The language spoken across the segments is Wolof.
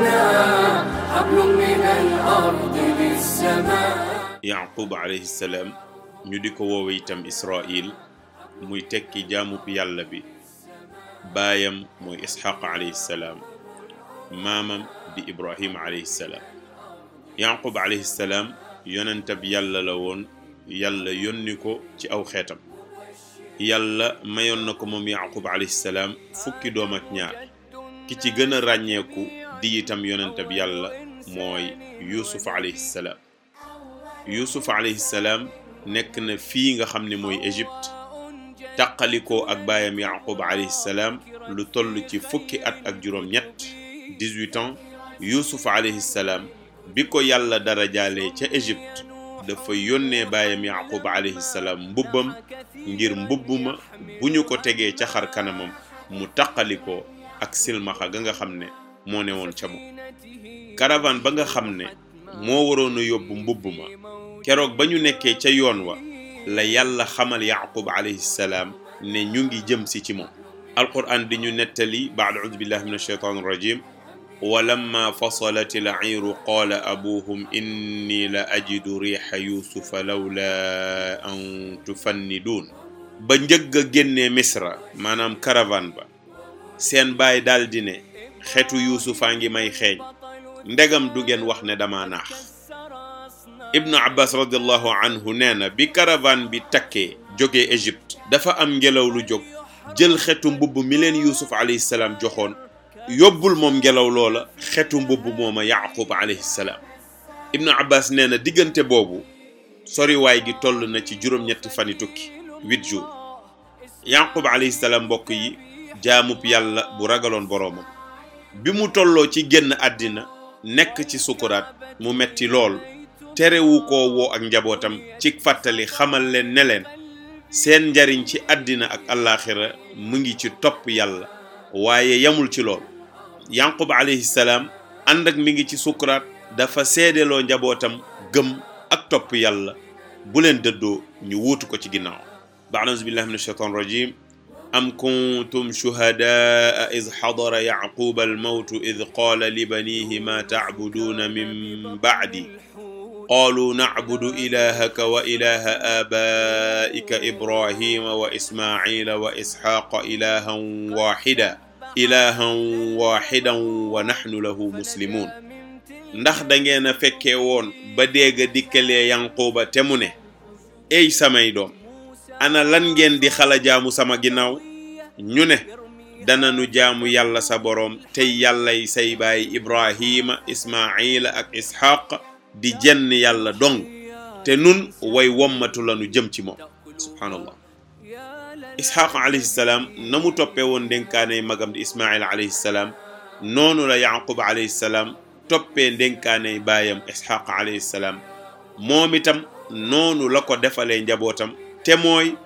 لنا حبل ñu di ko woowe itam Israil muy tekki jaamub yàlla bi baayam mooy Isxaq alayhi salaam maamam di Ibrahim alayhi salaam Yaqub alayhi yonentab yàlla la woon yàlla yónni ko ci aw xeetam yàlla mayoon na ko moom Yaqub alayhi salaam fukki doomak ñaar ki ci gën ràññeeku di itam yonentab yàlla mooy yusuf alayhi salaam yusuf nekk na fii nga xam ne mooy égypte taqalikoo ak baayam yaqub lu toll ci fukki at ak juróom ñett 18 ans bi ko yàlla darajaalee ca égypte dafa yónnee baayam yaqub alayhi mbubbam ngir mbubbuma bu ñu ko tegee ca xar kanamam mu taqalikoo ak silmaxa ga nga xam ne moo ne woon ca moom caravane ba nga xam ne moo waroon a yóbbu mbubb ma keroog ba ñu nekkee ca yoon wa la yàlla xamal yaqub alayhi salaam ne ñu ngi jëm si ci moom alquran di ñu nettali baad audu billahi min alsheytan irrajim wa lamma fasalat al ayru qaala abuhum inni la ajidu riixa yusufa lawla an tufanniduun ba njëgg a génnee misra maanaam caravane ba seen baay daal di ne xetu yuusufaa ngi may xeeñ ndegam du ngeen wax ne dama naax ibnu abbas radiallahu anhu nee na bi caravane bi takkee jógee égypte dafa am ngelaw lu jóg jël xetu mbubb mi leen yuusuf alayhi joxoon yóbbul moom ngelaw loola xetu mbubb mooma yaqub alayhi salaam ibnu abbas nee na diggante boobu soriwaay gi toll na ci juróom-ñetti fani tukki huit jours yaqub alayhi mbokk yi jaamub yàlla bu ragaloon boroomam bi mu tolloo ci génn àddina nekk ci sukuraat mu metti lool terewu ko woo ak njabootam ci fàttali xamal leen ne leen seen njariñ ci àddina ak àllaaxira mu ngi ci topp yàlla waaye yamul ci lool yanqub alayhi salaam ànd ak mu ngi ci sukuraat dafa seedeloo njabootam gëm ak topp yàlla bu leen dëddoo ñu wuutu ko ci ginnaaw am kuntum shuhadaa iz hadara yaquba almawtu id qaala libanihi ma tacbuduuna min bacdi qaalu nacbudu ilahaka wa ilaha aabaa'ika ibrahima wa ismaaciila wa isxaaqa ilahan waaxida ilahan waaxidan wa naxnu lahu muslimuun ndax da ngeen a fekkee woon ba dégg dikkalee yanquuba te mu ne ey samay doom ana lan ngeen di xala jaamu sama ginnaaw ñu ne nu jaamu yàlla sa boroom tey yàllay say baay ibrahima ismaila ak isxaq di jenn yàlla dong te nun way wommatu lanu jëm ci moom subhaanallah isxaq alayhi na mu toppee woon ndénkaaney magam di ismail salaam noonu la yaqub alayhi salaam toppee ndénkaaney baayam isxaq alayhi noonu la ko defalee njabootam te mooy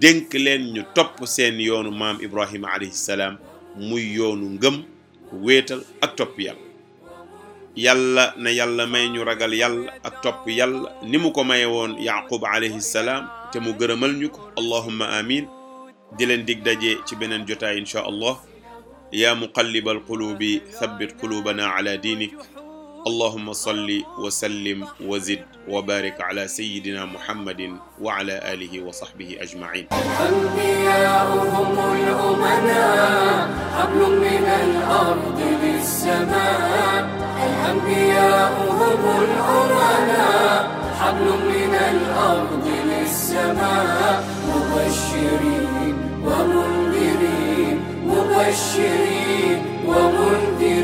dénk leen ñu topp seen yoonu maam Ibrahima alayhi salaam muy yoonu ngëm wéetal ak topp yàlla na yàlla may ñu ragal yàlla ak topp yàlla ni mu ko maye woon yaqub alayhi salaam te mu gërëmal ñu ko allahumma amin di leen dig daje ci beneen jotaay incha allah yaa muqallibal qulubi thabbit qulubana ala diinik allahuma salli wa sallim wa zid wa barik ala sayidina muhammadin wa ala alihi wa sahbihi ajmain mubashirin wa mundhirin